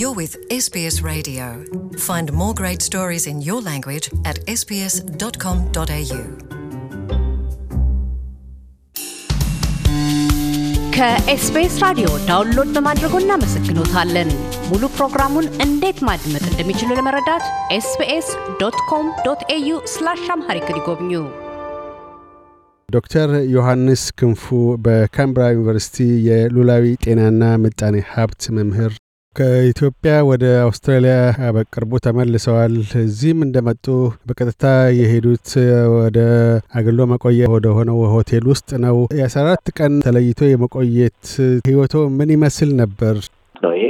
You're with SBS Radio. Find more great stories in your language at sbs.com.au. ከኤስቢኤስ ራዲዮ ዳውንሎድ በማድረጎ እናመሰግኖታለን። ሙሉ ፕሮግራሙን እንዴት ማድመጥ እንደሚችሉ ለመረዳት ኤስቢኤስ ዶት ኮም ዶት ኤዩ ስላሽ አምሃሪክ ይጎብኙ። ዶክተር ዮሐንስ ክንፉ በካምብራ ዩኒቨርሲቲ የሉላዊ ጤናና ምጣኔ ሀብት መምህር ከኢትዮጵያ ወደ አውስትራሊያ በቅርቡ ተመልሰዋል። እዚህም እንደመጡ በቀጥታ የሄዱት ወደ አገሎ መቆየት ወደ ሆነው ሆቴል ውስጥ ነው። የአስራ አራት ቀን ተለይቶ የመቆየት ህይወቶ ምን ይመስል ነበር? ይሄ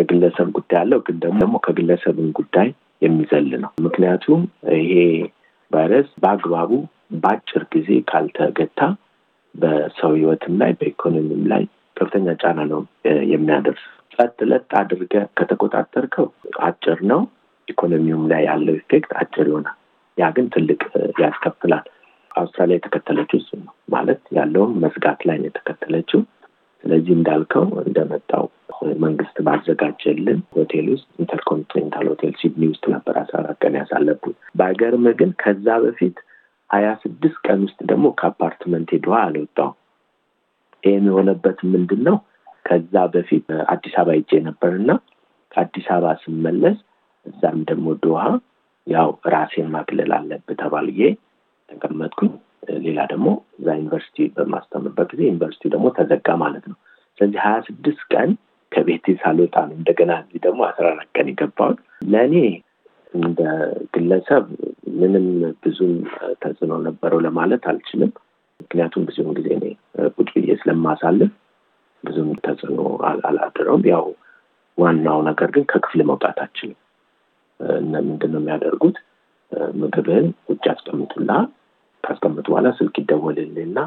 የግለሰብ ጉዳይ አለው፣ ግን ደግሞ ከግለሰብን ጉዳይ የሚዘል ነው። ምክንያቱም ይሄ ቫይረስ በአግባቡ በአጭር ጊዜ ካልተገታ በሰው ህይወትም ላይ በኢኮኖሚም ላይ ከፍተኛ ጫና ነው የሚያደርስ ቀጥ ለጥ አድርገ ከተቆጣጠርከው አጭር ነው። ኢኮኖሚውም ላይ ያለው ኢፌክት አጭር ይሆናል። ያ ግን ትልቅ ያስከፍላል። አውስትራሊያ የተከተለችው እሱ ነው ማለት ያለውም መስጋት ላይ ነው የተከተለችው። ስለዚህ እንዳልከው እንደመጣው መንግስት ባዘጋጀልን ሆቴል ውስጥ ኢንተርኮንቲኔንታል ሆቴል ሲድኒ ውስጥ ነበር አስራ ቀን ያሳለፉት። በገርም ግን ከዛ በፊት ሀያ ስድስት ቀን ውስጥ ደግሞ ከአፓርትመንት ሄደዋ አልወጣው። ይህም የሆነበት ምንድን ነው ከዛ በፊት አዲስ አበባ ይጄ ነበር እና ከአዲስ አበባ ስመለስ እዛም ደግሞ ድውሃ ያው ራሴን ማግለል አለብ ተባልዬ ተቀመጥኩኝ። ሌላ ደግሞ እዛ ዩኒቨርሲቲ በማስተምርበት ጊዜ ዩኒቨርሲቲ ደግሞ ተዘጋ ማለት ነው። ስለዚህ ሀያ ስድስት ቀን ከቤት ሳልወጣ ነው እንደገና እዚህ ደግሞ አስራ አራት ቀን የገባሁት። ለእኔ እንደ ግለሰብ ምንም ብዙም ተጽዕኖ ነበረው ለማለት አልችልም። ምክንያቱም ብዙውን ጊዜ እኔ ቁጭ ብዬ ስለማሳልፍ ብዙም ተጽዕኖ አላድረውም። ያው ዋናው ነገር ግን ከክፍል መውጣት አችልም። ምንድን ነው የሚያደርጉት? ምግብን ውጭ አስቀምጡላ ካስቀምጡ በኋላ ስልክ ይደወልልና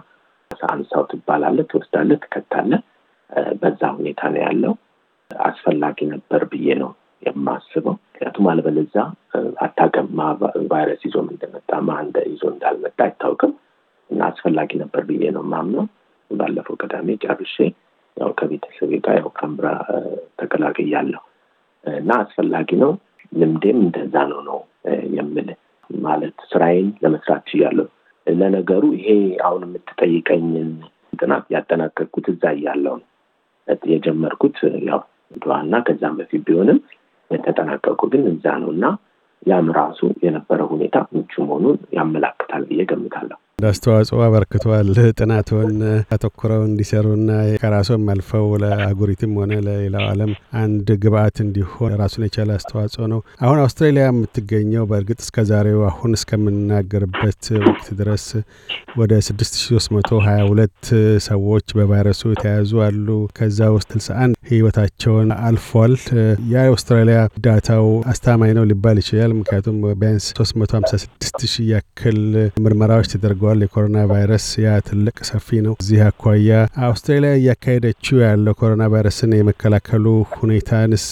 አንሳው ትባላለ ትወስዳለ፣ ትከታለ። በዛ ሁኔታ ነው ያለው። አስፈላጊ ነበር ብዬ ነው የማስበው። ምክንያቱም አለበለዛ አታውቅም ቫይረስ ይዞ እንደመጣ ማን ይዞ እንዳልመጣ አይታወቅም እና አስፈላጊ ነበር ብዬ ነው ማምነው። ባለፈው ቅዳሜ ጨርሼ ያው ከቤተሰቤ ጋር ያው ከምራ ተቀላቅያለሁ እና አስፈላጊ ነው። ልምዴም እንደዛ ነው ነው የምል ማለት ስራዬን ለመስራት ችያለሁ። ለነገሩ ይሄ አሁን የምትጠይቀኝን ጥናት ያጠናቀቅኩት እዛ እያለው ነው የጀመርኩት ያው ድዋና ከዛም በፊት ቢሆንም የተጠናቀቁ ግን እዛ ነው እና ያም ራሱ የነበረ ሁኔታ ምቹ መሆኑን ያመላክታል ብዬ ገምታለሁ። እንዳስተዋጽኦ አበርክቷል። ጥናቱን አተኩረው እንዲሰሩና ከራስዎም አልፈው ለአጉሪትም ሆነ ለሌላው ዓለም አንድ ግብአት እንዲሆን ራሱን የቻለ አስተዋጽኦ ነው። አሁን አውስትራሊያ የምትገኘው በእርግጥ እስከ ዛሬው አሁን እስከምናገርበት ወቅት ድረስ ወደ 6322 ሰዎች በቫይረሱ የተያዙ አሉ። ከዛ ውስጥ 61 ህይወታቸውን አልፏል። ያ የአውስትራሊያ ዳታው አስተማማኝ ነው ሊባል ይችላል። ምክንያቱም ቢያንስ 356 ሺህ ያክል ምርመራዎች ተደርገዋል። አድርጓል። የኮሮና ቫይረስ ያ ትልቅ ሰፊ ነው። እዚህ አኳያ አውስትራሊያ እያካሄደችው ያለው ኮሮና ቫይረስን የመከላከሉ ሁኔታንስ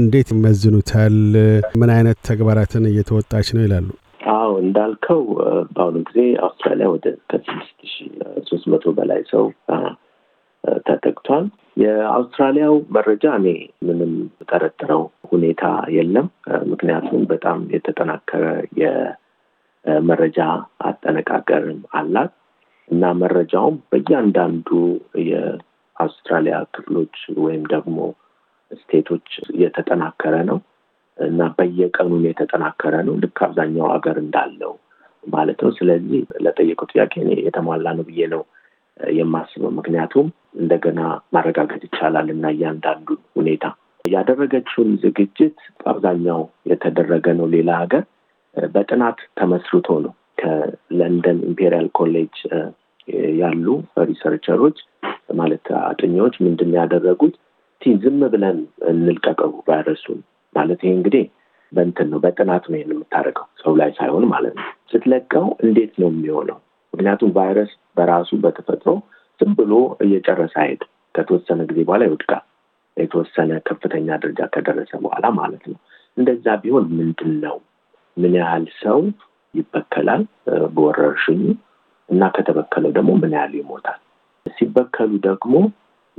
እንዴት ይመዝኑታል? ምን አይነት ተግባራትን እየተወጣች ነው ይላሉ? አዎ እንዳልከው በአሁኑ ጊዜ አውስትራሊያ ወደ ከስድስት ሺ ሶስት መቶ በላይ ሰው ተጠቅቷል። የአውስትራሊያው መረጃ እኔ ምንም ጠረጥረው ሁኔታ የለም። ምክንያቱም በጣም የተጠናከረ መረጃ አጠነቃቀርም አላት እና መረጃውም በእያንዳንዱ የአውስትራሊያ ክፍሎች ወይም ደግሞ ስቴቶች የተጠናከረ ነው እና በየቀኑም የተጠናከረ ነው ልክ አብዛኛው ሀገር እንዳለው ማለት ነው። ስለዚህ ለጠየቁ ጥያቄ የተሟላ ነው ብዬ ነው የማስበው። ምክንያቱም እንደገና ማረጋገጥ ይቻላል እና እያንዳንዱ ሁኔታ ያደረገችውን ዝግጅት አብዛኛው የተደረገ ነው። ሌላ ሀገር በጥናት ተመስርቶ ነው። ከለንደን ኢምፔሪያል ኮሌጅ ያሉ ሪሰርቸሮች ማለት አጥኚዎች ምንድን ያደረጉት ቲ ዝም ብለን እንልቀቀቡ ቫይረሱን ማለት ይሄ እንግዲህ በንትን ነው በጥናት ነው ይህን የምታደርገው ሰው ላይ ሳይሆን ማለት ነው። ስትለቀው እንዴት ነው የሚሆነው? ምክንያቱም ቫይረስ በራሱ በተፈጥሮ ዝም ብሎ እየጨረሰ አሄድ ከተወሰነ ጊዜ በኋላ ይወድቃል። የተወሰነ ከፍተኛ ደረጃ ከደረሰ በኋላ ማለት ነው። እንደዛ ቢሆን ምንድን ነው ምን ያህል ሰው ይበከላል በወረርሽኙ እና ከተበከለው ደግሞ ምን ያህል ይሞታል። ሲበከሉ ደግሞ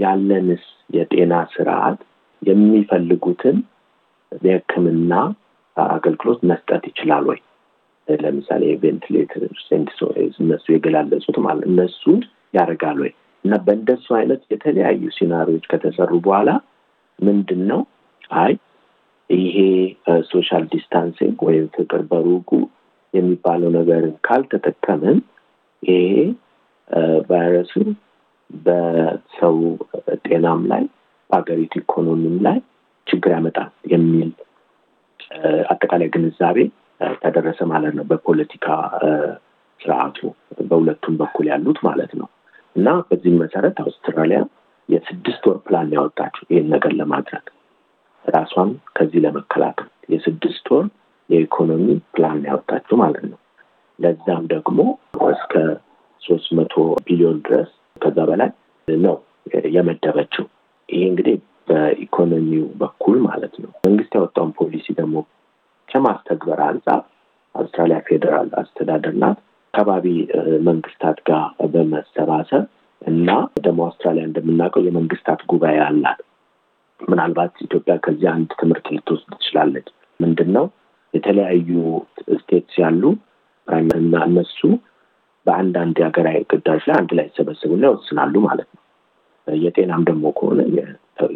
ያለንስ የጤና ስርዓት የሚፈልጉትን የህክምና አገልግሎት መስጠት ይችላል ወይ? ለምሳሌ የቬንትሌተር እነሱ የገላለጹት ማለት እነሱ ያደርጋል ወይ? እና በእንደሱ አይነት የተለያዩ ሲናሪዎች ከተሰሩ በኋላ ምንድን ነው አይ ይሄ ሶሻል ዲስታንሲንግ ወይም ፍቅር በሩቁ የሚባለው ነገርን ካልተጠቀምን ይሄ ቫይረሱ በሰው ጤናም ላይ በሀገሪቱ ኢኮኖሚም ላይ ችግር ያመጣል የሚል አጠቃላይ ግንዛቤ ተደረሰ ማለት ነው። በፖለቲካ ስርዓቱ በሁለቱም በኩል ያሉት ማለት ነው እና በዚህም መሰረት አውስትራሊያ የስድስት ወር ፕላን ያወጣችው ይህን ነገር ለማድረግ ራሷን ከዚህ ለመከላከል የስድስት ወር የኢኮኖሚ ፕላን ያወጣችው ማለት ነው። ለዛም ደግሞ እስከ ሶስት መቶ ቢሊዮን ድረስ ከዛ በላይ ነው የመደበችው። ይሄ እንግዲህ በኢኮኖሚው በኩል ማለት ነው። መንግስት ያወጣውን ፖሊሲ ደግሞ ከማስተግበር አንጻር አውስትራሊያ ፌዴራል አስተዳደር ናት ከባቢ መንግስታት ጋር በመሰባሰብ እና ደግሞ አውስትራሊያ እንደምናውቀው የመንግስታት ጉባኤ አላት። ምናልባት ኢትዮጵያ ከዚህ አንድ ትምህርት ልትወስድ ትችላለች። ምንድን ነው የተለያዩ ስቴትስ ያሉ እና እነሱ በአንዳንድ የሀገራዊ ግዳጅ ላይ አንድ ላይ ይሰበሰቡና ይወስናሉ ማለት ነው። የጤናም ደግሞ ከሆነ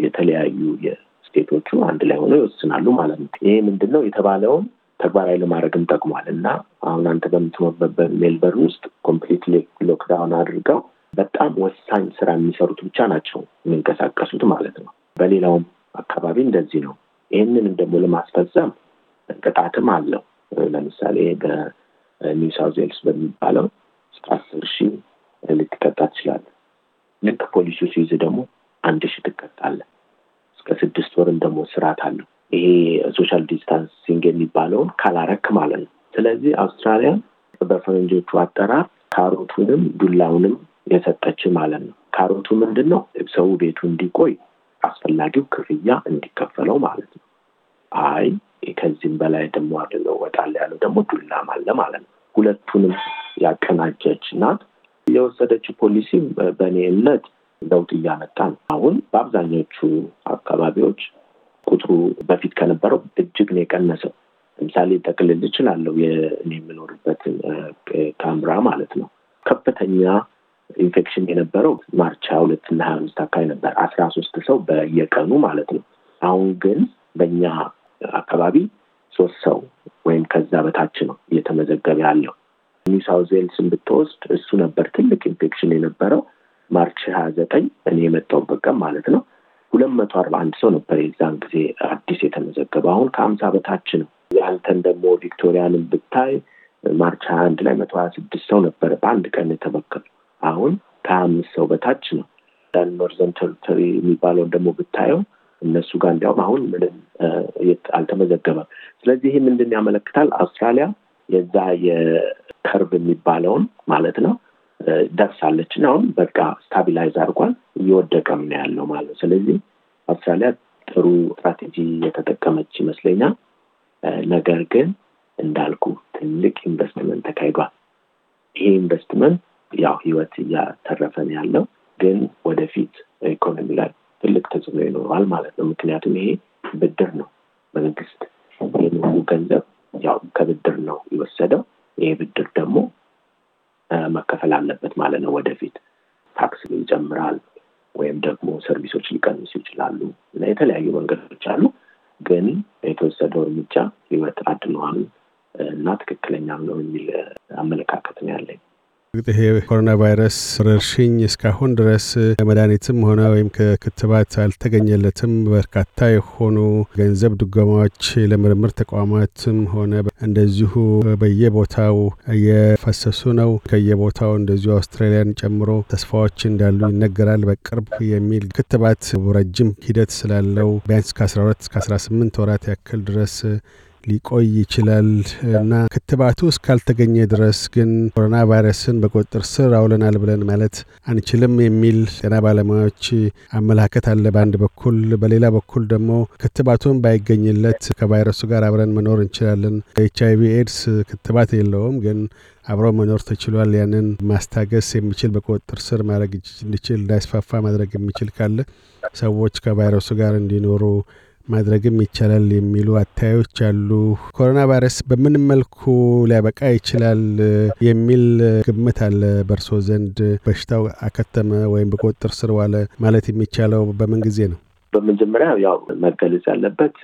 የተለያዩ የስቴቶቹ አንድ ላይ ሆነው ይወስናሉ ማለት ነው። ይሄ ምንድን ነው የተባለውን ተግባራዊ ለማድረግም ጠቅሟል እና አሁን አንተ በምትኖርበት ሜልበርን ውስጥ ኮምፕሊት ሎክዳውን አድርገው በጣም ወሳኝ ስራ የሚሰሩት ብቻ ናቸው የሚንቀሳቀሱት ማለት ነው። በሌላውም አካባቢ እንደዚህ ነው። ይህንንም ደግሞ ለማስፈጸም ቅጣትም አለው። ለምሳሌ በኒው ሳውዝ ዌልስ በሚባለው እስከ አስር ሺህ ልትቀጣ ትችላለ። ልክ ፖሊሱ ሲይዝ ደግሞ አንድ ሺህ ትቀጣለ። እስከ ስድስት ወርም ደግሞ ስርዓት አለው። ይሄ ሶሻል ዲስታንሲንግ የሚባለውን ካላረክ ማለት ነው። ስለዚህ አውስትራሊያ በፈረንጆቹ አጠራር ካሮቱንም ዱላውንም የሰጠች ማለት ነው። ካሮቱ ምንድን ነው? ሰው ቤቱ እንዲቆይ አስፈላጊው ክፍያ እንዲከፈለው ማለት ነው። አይ ከዚህም በላይ ደግሞ አድርገው ወጣል ያለው ደግሞ ዱላም አለ ማለት ነው። ሁለቱንም ያቀናጀች ናት። የወሰደችው ፖሊሲ በእኔ እምነት ለውጥ እያመጣ ነው። አሁን በአብዛኞቹ አካባቢዎች ቁጥሩ በፊት ከነበረው እጅግ ነው የቀነሰው። ለምሳሌ ጠቅልል እችላለሁ የምኖርበትን ካምራ ማለት ነው ከፍተኛ ኢንፌክሽን የነበረው ማርች ሀያ ሁለት እና ሀያ አምስት አካባቢ ነበር አስራ ሶስት ሰው በየቀኑ ማለት ነው። አሁን ግን በእኛ አካባቢ ሶስት ሰው ወይም ከዛ በታች ነው እየተመዘገበ ያለው። ኒው ዌልስን ብትወስድ እሱ ነበር ትልቅ ኢንፌክሽን የነበረው ማርች ሀያ ዘጠኝ እኔ የመጣሁበት ቀን ማለት ነው። ሁለት መቶ አርባ አንድ ሰው ነበር የዛን ጊዜ አዲስ የተመዘገበ። አሁን ከአምሳ በታች ነው። ያንተን ደግሞ ቪክቶሪያንን ብታይ ማርች ሀያ አንድ ላይ መቶ ሀያ ስድስት ሰው ነበር በአንድ ቀን የተበከሉ አሁን ከሀያ አምስት ሰው በታች ነው። ኖርዘርን የሚባለውን ደግሞ ብታየው እነሱ ጋር እንዲያውም አሁን ምንም አልተመዘገበም። ስለዚህ ይህ ምንድን ያመለክታል? አውስትራሊያ የዛ የከርብ የሚባለውን ማለት ነው ደርሳለች ና አሁን በቃ ስታቢላይዝ አድርጓል እየወደቀም ነው ያለው ማለት ነው። ስለዚህ አውስትራሊያ ጥሩ ስትራቴጂ የተጠቀመች ይመስለኛል። ነገር ግን እንዳልኩ ትልቅ ኢንቨስትመንት ተካሂዷል። ይሄ ኢንቨስትመንት ያው ህይወት እያተረፈን ያለው ግን ወደፊት ኢኮኖሚ ላይ ትልቅ ተጽዕኖ ይኖረዋል ማለት ነው። ምክንያቱም ይሄ ብድር ነው። መንግስት ይህን ገንዘብ ያው ከብድር ነው የወሰደው። ይሄ ብድር ደግሞ መከፈል አለበት ማለት ነው። ወደፊት ታክስ ይጨምራል ወይም ደግሞ ሰርቪሶች ሊቀንሱ ይችላሉ እና የተለያዩ መንገዶች አሉ። ግን የተወሰደው እርምጃ ህይወት አድነዋል እና ትክክለኛ ነው የሚል አመለካከት ነው ያለኝ። ይሄ ኮሮና ቫይረስ ወረርሽኝ እስካሁን ድረስ መድኃኒትም ሆነ ወይም ከክትባት አልተገኘለትም። በርካታ የሆኑ ገንዘብ ድጎማዎች ለምርምር ተቋማትም ሆነ እንደዚሁ በየቦታው እየፈሰሱ ነው። ከየቦታው እንደዚሁ አውስትራሊያን ጨምሮ ተስፋዎች እንዳሉ ይነገራል። በቅርብ የሚል ክትባት ረጅም ሂደት ስላለው ቢያንስ ከ12 እስከ 18 ወራት ያክል ድረስ ሊቆይ ይችላል እና ክትባቱ እስካልተገኘ ድረስ ግን ኮሮና ቫይረስን በቁጥጥር ስር አውለናል ብለን ማለት አንችልም የሚል ጤና ባለሙያዎች አመለካከት አለ በአንድ በኩል። በሌላ በኩል ደግሞ ክትባቱን ባይገኝለት ከቫይረሱ ጋር አብረን መኖር እንችላለን። ኤች አይቪ ኤድስ ክትባት የለውም ግን አብሮ መኖር ተችሏል። ያንን ማስታገስ የሚችል በቁጥጥር ስር ማድረግ እንዲችል እንዳይስፋፋ ማድረግ የሚችል ካለ ሰዎች ከቫይረሱ ጋር እንዲኖሩ ማድረግም ይቻላል የሚሉ አታዮች አሉ። ኮሮና ቫይረስ በምን መልኩ ሊያበቃ ይችላል የሚል ግምት አለ በእርሶ ዘንድ? በሽታው አከተመ ወይም በቁጥጥር ስር ዋለ ማለት የሚቻለው በምን ጊዜ ነው? በመጀመሪያ ያው መገለጽ ያለበት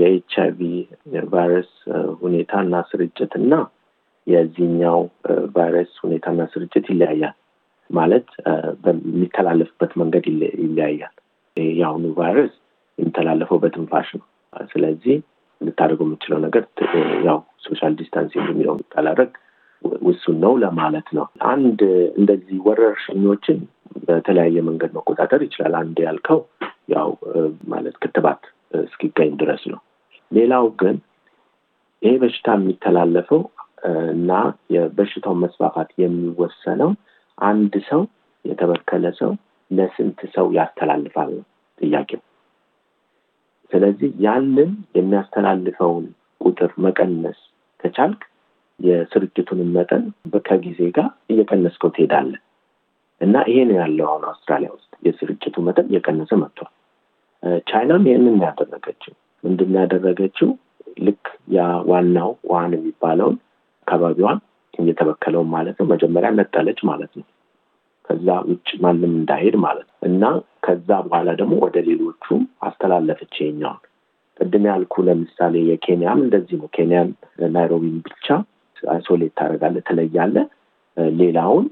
የኤች ቪ ቫይረስ ሁኔታና ስርጭት እና የዚህኛው ቫይረስ ሁኔታና ስርጭት ይለያያል። ማለት በሚተላለፍበት መንገድ ይለያያል። የአሁኑ ቫይረስ የሚተላለፈው በትንፋሽ ነው። ስለዚህ ልታደርገው የምችለው ነገር ያው ሶሻል ዲስታንሲንግ የሚለው ካላደረግ ውሱን ነው ለማለት ነው። አንድ እንደዚህ ወረርሽኞችን በተለያየ መንገድ መቆጣጠር ይችላል። አንድ ያልከው ያው ማለት ክትባት እስኪገኝ ድረስ ነው። ሌላው ግን ይሄ በሽታ የሚተላለፈው እና የበሽታው መስፋፋት የሚወሰነው አንድ ሰው የተበከለ ሰው ለስንት ሰው ያስተላልፋል ነው ጥያቄው። ስለዚህ ያንን የሚያስተላልፈውን ቁጥር መቀነስ ከቻልክ የስርጭቱንም መጠን ከጊዜ ጋር እየቀነስከው ትሄዳለን እና ይሄ ነው ያለው አሁን አውስትራሊያ ውስጥ የስርጭቱ መጠን እየቀነሰ መጥቷል። ቻይናም ይህንን ያደረገችው ምንድን ያደረገችው ልክ ያ ዋናው ውሃን የሚባለውን አካባቢዋን እየተበከለውን ማለት ነው መጀመሪያ ነጠለች ማለት ነው። ከዛ ውጭ ማንም እንዳይሄድ ማለት ነው እና ከዛ በኋላ ደግሞ ወደ ሌሎቹ አስተላለፈች። ይኛዋል ቅድም ያልኩ ለምሳሌ የኬንያም እንደዚህ ነው። ኬንያን ናይሮቢን ብቻ አይሶሌት ታደረጋለ ትለያለህ። ሌላውን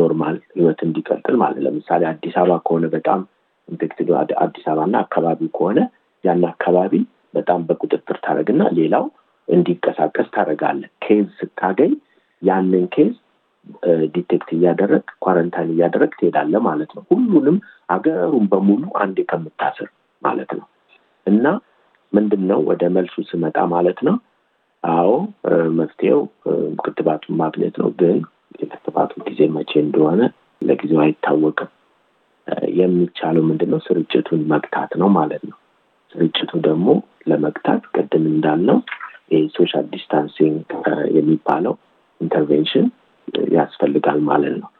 ኖርማል ህይወት እንዲቀጥል ማለት ለምሳሌ አዲስ አበባ ከሆነ በጣም ኢንፌክቲቭ አዲስ አበባና አካባቢ ከሆነ ያን አካባቢ በጣም በቁጥጥር ታደረግና ሌላው እንዲንቀሳቀስ ታደረጋለ ኬዝ ስታገኝ ያንን ኬዝ ዲቴክት እያደረግ ኳረንታይን እያደረግ ትሄዳለ ማለት ነው። ሁሉንም አገሩን በሙሉ አንዴ ከምታስር ማለት ነው እና ምንድን ነው ወደ መልሱ ስመጣ ማለት ነው። አዎ መፍትሄው ክትባቱን ማግኘት ነው። ግን የክትባቱ ጊዜ መቼ እንደሆነ ለጊዜው አይታወቅም። የሚቻለው ምንድን ነው ስርጭቱን መግታት ነው ማለት ነው። ስርጭቱ ደግሞ ለመግታት ቅድም እንዳልነው የሶሻል ዲስታንሲንግ የሚባለው ኢንተርቬንሽን ያስፈልጋል ማለት ነው።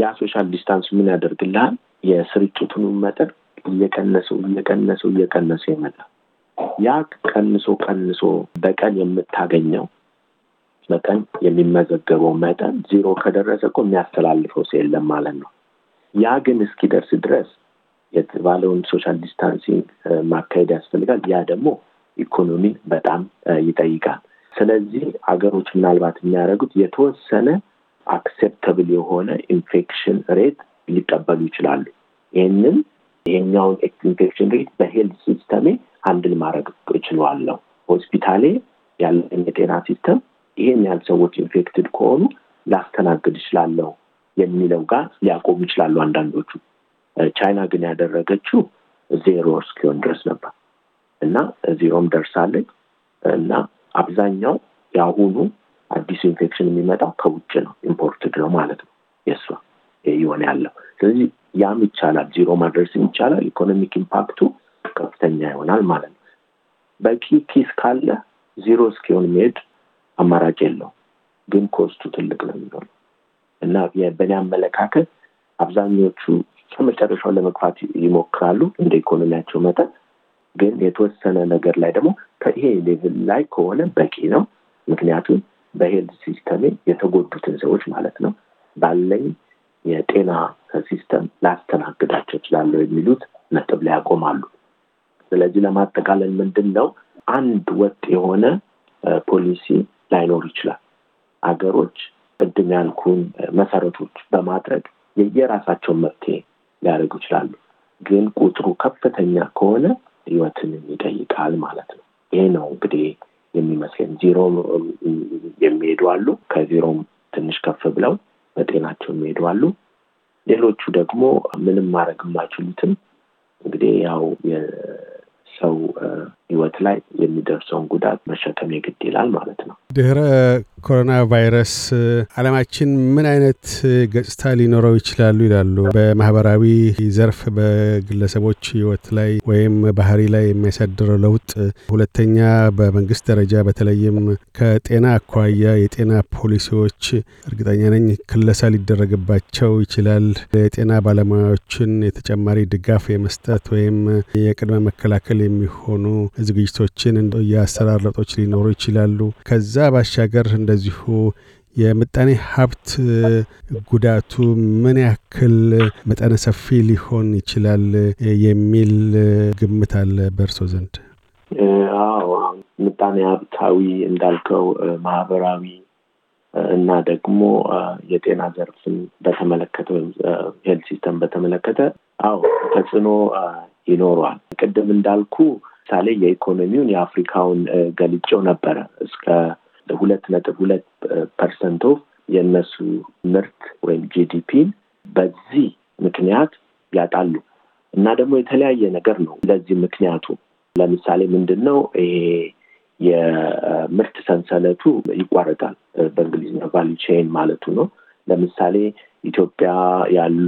ያ ሶሻል ዲስታንስ ምን ያደርግልሃል? የስርጭቱን መጠን እየቀነሰው እየቀነሰው እየቀነሰው ይመጣል። ያ ቀንሶ ቀንሶ በቀን የምታገኘው በቀን የሚመዘገበው መጠን ዜሮ ከደረሰ እኮ የሚያስተላልፈው ሰው የለም ማለት ነው። ያ ግን እስኪደርስ ድረስ የተባለውን ሶሻል ዲስታንሲንግ ማካሄድ ያስፈልጋል። ያ ደግሞ ኢኮኖሚን በጣም ይጠይቃል። ስለዚህ አገሮች ምናልባት የሚያደርጉት የተወሰነ አክሴፕተብል የሆነ ኢንፌክሽን ሬት ሊቀበሉ ይችላሉ። ይህንን ይሄኛውን ኢንፌክሽን ሬት በሄልት ሲስተሜ አንድል ማድረግ እችላለሁ። ሆስፒታሌ ያለን የጤና ሲስተም ይህን ያህል ሰዎች ኢንፌክትድ ከሆኑ ላስተናግድ እችላለሁ የሚለው ጋር ሊያቆሙ ይችላሉ አንዳንዶቹ። ቻይና ግን ያደረገችው ዜሮ እስኪሆን ድረስ ነበር እና ዜሮም ደርሳለች እና አብዛኛው የአሁኑ አዲሱ ኢንፌክሽን የሚመጣው ከውጭ ነው፣ ኢምፖርትድ ነው ማለት ነው። የእሷ የሆነ ያለው ስለዚህ ያም ይቻላል፣ ዚሮ ማድረስም ይቻላል። ኢኮኖሚክ ኢምፓክቱ ከፍተኛ ይሆናል ማለት ነው። በቂ ኪስ ካለ ዚሮ እስኪሆን መሄድ አማራጭ የለው፣ ግን ኮስቱ ትልቅ ነው የሚሆነ እና በእኔ አመለካከት አብዛኞቹ ከመጨረሻው ለመግፋት ይሞክራሉ እንደ ኢኮኖሚያቸው መጠን። ግን የተወሰነ ነገር ላይ ደግሞ ከይሄ ሌቭል ላይ ከሆነ በቂ ነው ምክንያቱም በሄልት ሲስተሜ የተጎዱትን ሰዎች ማለት ነው ባለኝ የጤና ሲስተም ላስተናግዳቸው ይችላለሁ የሚሉት ነጥብ ላይ ያቆማሉ። ስለዚህ ለማጠቃለል ምንድን ነው አንድ ወጥ የሆነ ፖሊሲ ላይኖር ይችላል። አገሮች ቅድም ያልኩን መሰረቶች በማድረግ የየራሳቸውን መፍትሄ ሊያደርጉ ይችላሉ። ግን ቁጥሩ ከፍተኛ ከሆነ ህይወትን ይጠይቃል ማለት ነው። ይሄ ነው እንግዲህ የሚመስለኝ። ዜሮ የሚሄዱ አሉ፣ ከዜሮም ትንሽ ከፍ ብለው በጤናቸው የሚሄዱ አሉ። ሌሎቹ ደግሞ ምንም ማድረግ የማይችሉትም እንግዲህ ያው የሰው ህይወት ላይ የሚደርሰውን ጉዳት መሸከም የግድ ይላል ማለት ነው። ድህረ ኮሮና ቫይረስ አለማችን ምን አይነት ገጽታ ሊኖረው ይችላሉ ይላሉ? በማህበራዊ ዘርፍ በግለሰቦች ህይወት ላይ ወይም ባህሪ ላይ የሚያሳድረው ለውጥ፣ ሁለተኛ በመንግስት ደረጃ በተለይም ከጤና አኳያ የጤና ፖሊሲዎች እርግጠኛ ነኝ ክለሳ ሊደረግባቸው ይችላል። የጤና ባለሙያዎችን የተጨማሪ ድጋፍ የመስጠት ወይም የቅድመ መከላከል የሚሆኑ ዝግጅቶችን፣ የአሰራር ለውጦች ሊኖሩ ይችላሉ። ከዛ ባሻገር እንደዚሁ የምጣኔ ሀብት ጉዳቱ ምን ያክል መጠነ ሰፊ ሊሆን ይችላል የሚል ግምት አለ በእርሶ ዘንድ? አዎ ምጣኔ ሀብታዊ እንዳልከው ማህበራዊ እና ደግሞ የጤና ዘርፍን በተመለከተ ወይም ሄልት ሲስተም በተመለከተ አዎ ተጽዕኖ ይኖረዋል። ቅድም እንዳልኩ ለምሳሌ የኢኮኖሚውን የአፍሪካውን ገልጬው ነበረ እስከ ሁለት ነጥብ ሁለት ፐርሰንቶ የእነሱ ምርት ወይም ጂዲፒን በዚህ ምክንያት ያጣሉ እና ደግሞ የተለያየ ነገር ነው። ለዚህ ምክንያቱ ለምሳሌ ምንድን ነው? ይሄ የምርት ሰንሰለቱ ይቋረጣል። በእንግሊዝኛ ቫሊቼን ቼን ማለቱ ነው። ለምሳሌ ኢትዮጵያ ያሉ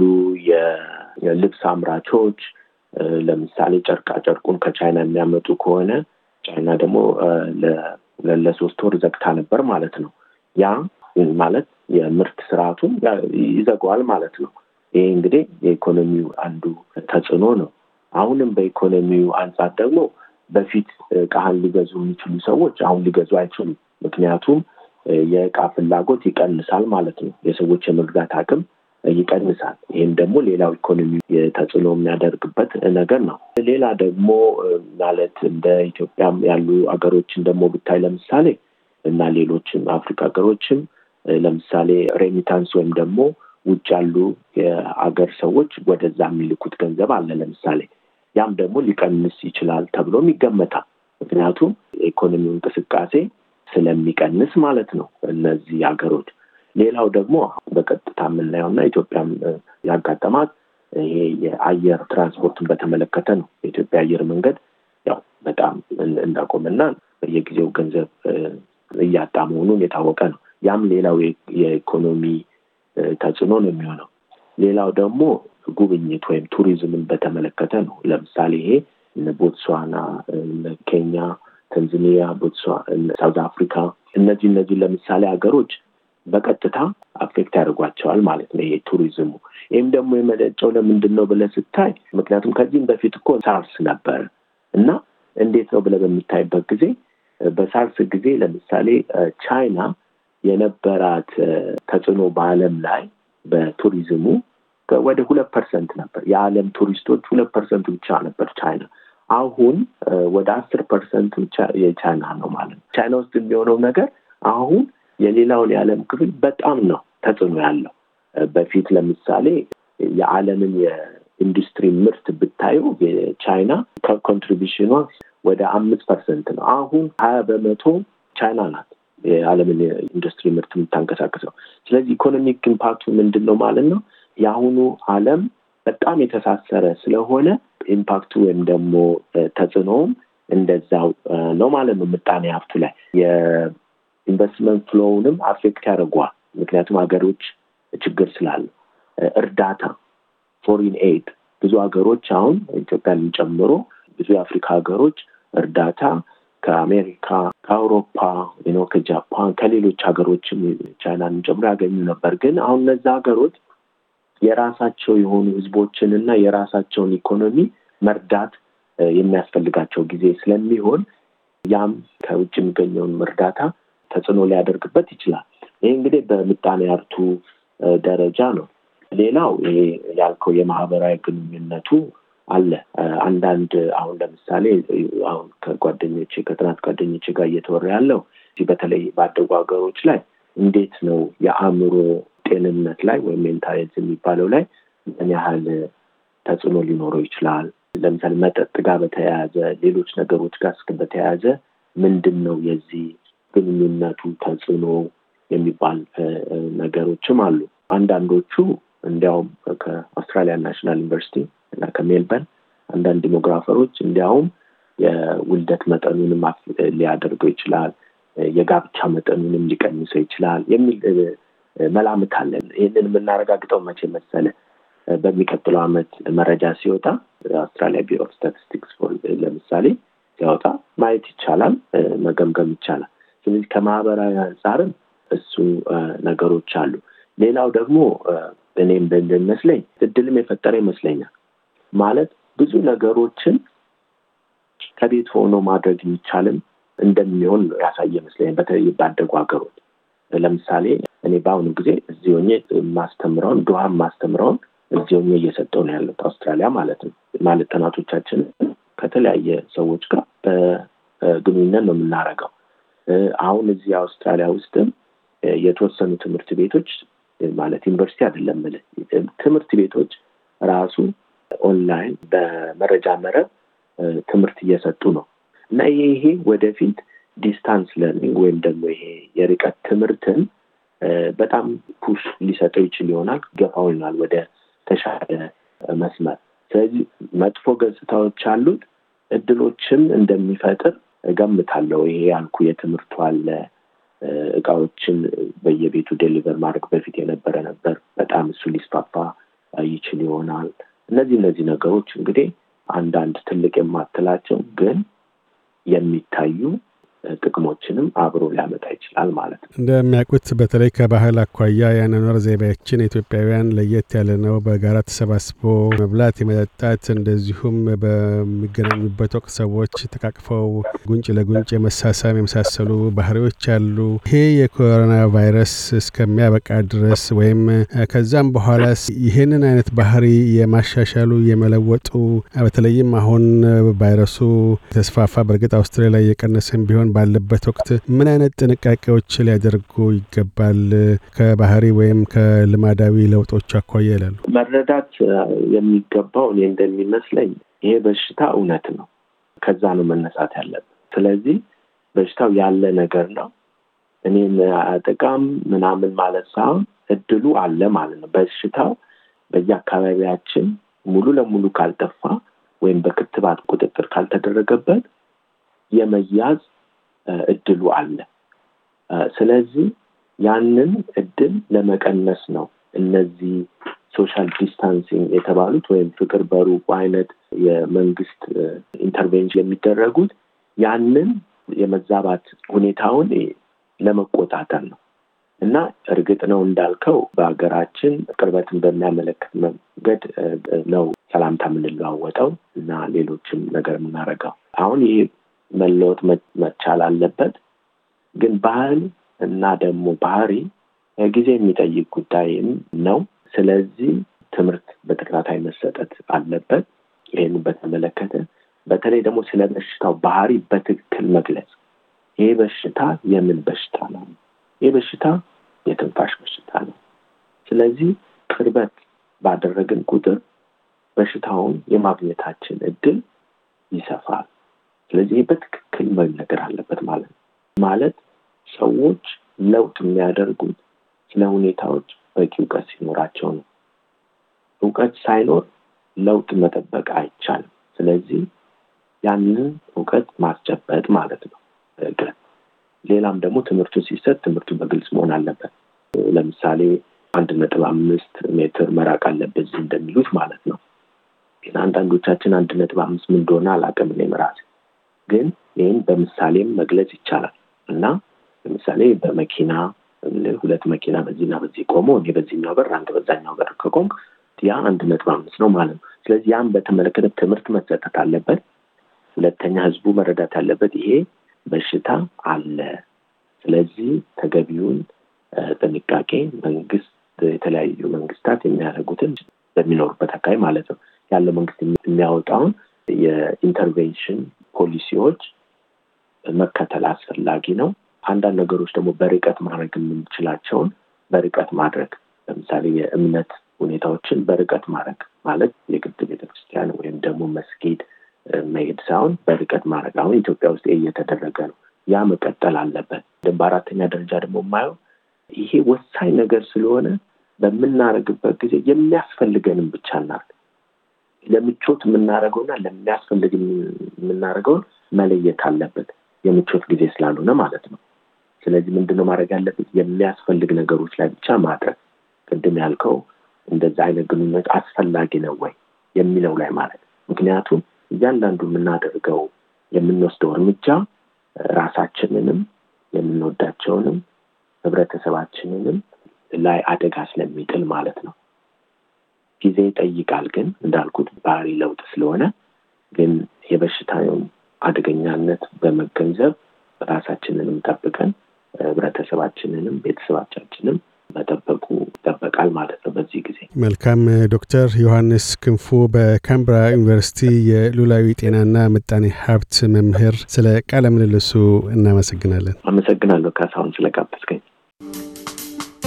የልብስ አምራቾች ለምሳሌ ጨርቃ ጨርቁን ከቻይና የሚያመጡ ከሆነ ቻይና ደግሞ ለሶስት ወር ዘግታ ነበር ማለት ነው። ያ ማለት የምርት ስርዓቱን ይዘገዋል ማለት ነው። ይሄ እንግዲህ የኢኮኖሚው አንዱ ተጽዕኖ ነው። አሁንም በኢኮኖሚው አንጻር ደግሞ በፊት ዕቃህን ሊገዙ የሚችሉ ሰዎች አሁን ሊገዙ አይችሉም። ምክንያቱም የእቃ ፍላጎት ይቀንሳል ማለት ነው። የሰዎች የመግዛት አቅም ይቀንሳል። ይህም ደግሞ ሌላው ኢኮኖሚ ተጽዕኖ የሚያደርግበት ነገር ነው። ሌላ ደግሞ ማለት እንደ ኢትዮጵያም ያሉ አገሮችን ደግሞ ብታይ ለምሳሌ እና ሌሎችም አፍሪካ ሀገሮችም ለምሳሌ ሬሚታንስ ወይም ደግሞ ውጭ ያሉ የአገር ሰዎች ወደዛ የሚልኩት ገንዘብ አለ ለምሳሌ ያም ደግሞ ሊቀንስ ይችላል ተብሎም ይገመታል። ምክንያቱም የኢኮኖሚው እንቅስቃሴ ስለሚቀንስ ማለት ነው እነዚህ ሀገሮች ሌላው ደግሞ በቀጥታ የምናየው እና ኢትዮጵያም ያጋጠማት ይሄ የአየር ትራንስፖርትን በተመለከተ ነው። የኢትዮጵያ አየር መንገድ ያው በጣም እንዳቆምና በየጊዜው ገንዘብ እያጣ መሆኑን የታወቀ ነው። ያም ሌላው የኢኮኖሚ ተጽዕኖ ነው የሚሆነው። ሌላው ደግሞ ጉብኝት ወይም ቱሪዝምን በተመለከተ ነው። ለምሳሌ ይሄ ቦትስዋና፣ ኬንያ፣ ታንዛኒያ፣ ቦትስዋ፣ ሳውዝ አፍሪካ እነዚህ እነዚህ ለምሳሌ ሀገሮች በቀጥታ አፌክት ያደርጓቸዋል ማለት ነው። ቱሪዝሙ ይህም ደግሞ የመለጨው ለምንድን ነው ብለህ ስታይ፣ ምክንያቱም ከዚህም በፊት እኮ ሳርስ ነበር እና እንዴት ነው ብለህ በምታይበት ጊዜ በሳርስ ጊዜ ለምሳሌ ቻይና የነበራት ተጽዕኖ በዓለም ላይ በቱሪዝሙ ወደ ሁለት ፐርሰንት ነበር። የዓለም ቱሪስቶች ሁለት ፐርሰንት ብቻ ነበር ቻይና። አሁን ወደ አስር ፐርሰንት ብቻ የቻይና ነው ማለት ነው። ቻይና ውስጥ የሚሆነው ነገር አሁን የሌላውን የዓለም ክፍል በጣም ነው ተጽዕኖ ያለው። በፊት ለምሳሌ የዓለምን የኢንዱስትሪ ምርት ብታዩ የቻይና ኮንትሪቢሽኗ ወደ አምስት ፐርሰንት ነው። አሁን ሀያ በመቶ ቻይና ናት የዓለምን የኢንዱስትሪ ምርት የምታንቀሳቅሰው። ስለዚህ ኢኮኖሚክ ኢምፓክቱ ምንድን ነው ማለት ነው? የአሁኑ ዓለም በጣም የተሳሰረ ስለሆነ ኢምፓክቱ ወይም ደግሞ ተጽዕኖውም እንደዛው ነው ማለት ነው። ምጣኔ ሀብቱ ላይ ኢንቨስትመንት ፍሎውንም አፌክት ያደርጓል። ምክንያቱም ሀገሮች ችግር ስላለ እርዳታ ፎሪን ኤድ ብዙ ሀገሮች አሁን ኢትዮጵያን ጨምሮ ብዙ የአፍሪካ ሀገሮች እርዳታ ከአሜሪካ፣ ከአውሮፓ፣ ከጃፓን፣ ከሌሎች ሀገሮችም ቻይናን ጨምሮ ያገኙ ነበር። ግን አሁን እነዛ ሀገሮች የራሳቸው የሆኑ ህዝቦችን እና የራሳቸውን ኢኮኖሚ መርዳት የሚያስፈልጋቸው ጊዜ ስለሚሆን ያም ከውጭ የሚገኘውን እርዳታ ተጽዕኖ ሊያደርግበት ይችላል። ይህ እንግዲህ በምጣኔ ሀብቱ ደረጃ ነው። ሌላው ይሄ ያልከው የማህበራዊ ግንኙነቱ አለ። አንዳንድ አሁን ለምሳሌ አሁን ከጓደኞቼ ከጥናት ጓደኞቼ ጋር እየተወራ ያለው በተለይ ባደጉ ሀገሮች ላይ እንዴት ነው የአእምሮ ጤንነት ላይ ወይም ሜንታሊዝ የሚባለው ላይ ምን ያህል ተጽዕኖ ሊኖረው ይችላል። ለምሳሌ መጠጥ ጋር በተያያዘ ሌሎች ነገሮች ጋር እስክ በተያያዘ ምንድን ነው የዚህ ግንኙነቱ ተጽዕኖ የሚባል ነገሮችም አሉ። አንዳንዶቹ እንዲያውም ከአውስትራሊያ ናሽናል ዩኒቨርሲቲ እና ከሜልበርን አንዳንድ ዲሞግራፈሮች እንዲያውም የውልደት መጠኑንም ሊያደርገው ይችላል፣ የጋብቻ መጠኑንም ሊቀንሰው ይችላል የሚል መላምት አለን። ይህንን የምናረጋግጠው መቼ መሰለ? በሚቀጥለው ዓመት መረጃ ሲወጣ አውስትራሊያ ቢሮ ስታቲስቲክስ ለምሳሌ ሲያወጣ ማየት ይቻላል፣ መገምገም ይቻላል። ስለዚህ ከማህበራዊ አንጻርም እሱ ነገሮች አሉ። ሌላው ደግሞ እኔም በንደመስለኝ እድልም የፈጠረ ይመስለኛል። ማለት ብዙ ነገሮችን ከቤት ሆኖ ማድረግ የሚቻልም እንደሚሆን ያሳየ ይመስለኛል። በተለይ ባደጉ ሀገሮች ለምሳሌ እኔ በአሁኑ ጊዜ እዚ ሆኜ ማስተምረውን ድሃም ማስተምረውን እዚ ሆኜ እየሰጠው ነው ያለት አውስትራሊያ ማለት ነው። ማለት ጥናቶቻችን ከተለያየ ሰዎች ጋር በግንኙነት ነው የምናደረገው አሁን እዚህ አውስትራሊያ ውስጥም የተወሰኑ ትምህርት ቤቶች ማለት ዩኒቨርሲቲ አይደለም ምል ትምህርት ቤቶች ራሱ ኦንላይን በመረጃ መረብ ትምህርት እየሰጡ ነው እና ይሄ ወደፊት ዲስታንስ ለርኒንግ ወይም ደግሞ ይሄ የርቀት ትምህርትን በጣም ፑሽ ሊሰጠው ይችል ይሆናል፣ ገፋው ይሆናል ወደ ተሻለ መስመር። ስለዚህ መጥፎ ገጽታዎች አሉት፣ እድሎችም እንደሚፈጥር እገምታለሁ። ይሄ ያልኩ የትምህርቱ አለ እቃዎችን በየቤቱ ዴሊቨር ማድረግ በፊት የነበረ ነበር። በጣም እሱ ሊስፋፋ ይችል ይሆናል። እነዚህ እነዚህ ነገሮች እንግዲህ አንዳንድ ትልቅ የማትላቸው ግን የሚታዩ ጥቅሞችንም አብሮ ሊያመጣ ይችላል ማለት ነው። እንደሚያውቁት በተለይ ከባህል አኳያ የአኗኗር ዘይቤያችን ኢትዮጵያውያን ለየት ያለ ነው። በጋራ ተሰባስቦ መብላት፣ የመጠጣት እንደዚሁም በሚገናኙበት ወቅት ሰዎች ተቃቅፈው ጉንጭ ለጉንጭ የመሳሳም የመሳሰሉ ባህሪዎች አሉ። ይሄ የኮሮና ቫይረስ እስከሚያበቃ ድረስ ወይም ከዛም በኋላ ይህንን አይነት ባህሪ የማሻሻሉ የመለወጡ በተለይም አሁን ቫይረሱ ተስፋፋ በእርግጥ አውስትራሊያ የቀነሰም ቢሆን ብርሃን ባለበት ወቅት ምን አይነት ጥንቃቄዎች ሊያደርጉ ይገባል ከባህሪ ወይም ከልማዳዊ ለውጦች አኳያ ይላሉ? መረዳት የሚገባው እኔ እንደሚመስለኝ ይሄ በሽታ እውነት ነው። ከዛ ነው መነሳት ያለብን። ስለዚህ በሽታው ያለ ነገር ነው። እኔም ጥቃም ምናምን ማለት ሳይሆን እድሉ አለ ማለት ነው። በሽታው በየአካባቢያችን ሙሉ ለሙሉ ካልጠፋ ወይም በክትባት ቁጥጥር ካልተደረገበት የመያዝ እድሉ አለ። ስለዚህ ያንን እድል ለመቀነስ ነው እነዚህ ሶሻል ዲስታንሲንግ የተባሉት ወይም ፍቅር በሩቁ አይነት የመንግስት ኢንተርቬንሽን የሚደረጉት ያንን የመዛባት ሁኔታውን ለመቆጣጠር ነው እና እርግጥ ነው እንዳልከው በሀገራችን ቅርበትን በሚያመለክት መንገድ ነው ሰላምታ የምንለዋወጠው እና ሌሎችም ነገር የምናደረገው አሁን ይሄ መለወጥ መቻል አለበት። ግን ባህል እና ደግሞ ባህሪ ጊዜ የሚጠይቅ ጉዳይም ነው። ስለዚህ ትምህርት በተከታታይ መሰጠት አለበት። ይህን በተመለከተ በተለይ ደግሞ ስለ በሽታው ባህሪ በትክክል መግለጽ። ይህ በሽታ የምን በሽታ ነው? ይህ በሽታ የትንፋሽ በሽታ ነው። ስለዚህ ቅርበት ባደረግን ቁጥር በሽታውን የማግኘታችን እድል ይሰፋል። ስለዚህ በትክክል መነገር አለበት ማለት ነው። ማለት ሰዎች ለውጥ የሚያደርጉት ስለ ሁኔታዎች በቂ እውቀት ሲኖራቸው ነው። እውቀት ሳይኖር ለውጥ መጠበቅ አይቻልም። ስለዚህ ያንን እውቀት ማስጨበጥ ማለት ነው። ሌላም ደግሞ ትምህርቱ ሲሰጥ ትምህርቱ በግልጽ መሆን አለበት። ለምሳሌ አንድ ነጥብ አምስት ሜትር መራቅ አለበት እንደሚሉት ማለት ነው። ግን አንዳንዶቻችን አንድ ነጥብ አምስት ምን እንደሆነ አላውቅም ራሴ ግን ይህን በምሳሌም መግለጽ ይቻላል እና ለምሳሌ በመኪና ሁለት መኪና በዚህና በዚህ ቆሞ እኔ በዚህኛው በር አንድ በዛኛው በር ከቆም ያ አንድ ነጥብ አምስት ነው ማለት ነው። ስለዚህ ያን በተመለከተ ትምህርት መሰጠት አለበት። ሁለተኛ ህዝቡ መረዳት ያለበት ይሄ በሽታ አለ። ስለዚህ ተገቢውን ጥንቃቄ መንግስት የተለያዩ መንግስታት የሚያደርጉትን በሚኖሩበት አካባቢ ማለት ነው ያለው መንግስት የሚያወጣውን የኢንተርቬንሽን ፖሊሲዎች መከተል አስፈላጊ ነው። አንዳንድ ነገሮች ደግሞ በርቀት ማድረግ የምንችላቸውን በርቀት ማድረግ፣ ለምሳሌ የእምነት ሁኔታዎችን በርቀት ማድረግ ማለት የግድ ቤተክርስቲያን ወይም ደግሞ መስጊድ መሄድ ሳይሆን በርቀት ማድረግ አሁን ኢትዮጵያ ውስጥ እየተደረገ ነው። ያ መቀጠል አለበት። በአራተኛ ደረጃ ደግሞ የማየው ይሄ ወሳኝ ነገር ስለሆነ በምናደርግበት ጊዜ የሚያስፈልገንም ብቻ እናድርግ። ለምቾት የምናደርገውና ለሚያስፈልግ የምናደርገውን መለየት አለበት። የምቾት ጊዜ ስላልሆነ ማለት ነው። ስለዚህ ምንድነው ማድረግ ያለበት? የሚያስፈልግ ነገሮች ላይ ብቻ ማድረግ። ቅድም ያልከው እንደዛ አይነት ግንኙነት አስፈላጊ ነው ወይ የሚለው ላይ ማለት ምክንያቱም እያንዳንዱ የምናደርገው የምንወስደው እርምጃ ራሳችንንም የምንወዳቸውንም ህብረተሰባችንንም ላይ አደጋ ስለሚጥል ማለት ነው። ጊዜ ይጠይቃል። ግን እንዳልኩት ባህሪ ለውጥ ስለሆነ ግን የበሽታውን አደገኛነት በመገንዘብ ራሳችንንም ጠብቀን ህብረተሰባችንንም ቤተሰባቻችንም መጠበቁ ይጠበቃል ማለት ነው። በዚህ ጊዜ መልካም። ዶክተር ዮሐንስ ክንፉ በካምብራ ዩኒቨርሲቲ የሉላዊ ጤናና ምጣኔ ሀብት መምህር፣ ስለ ቃለ ምልልሱ እናመሰግናለን። አመሰግናለሁ ካሳሁን ስለጋበዝከኝ።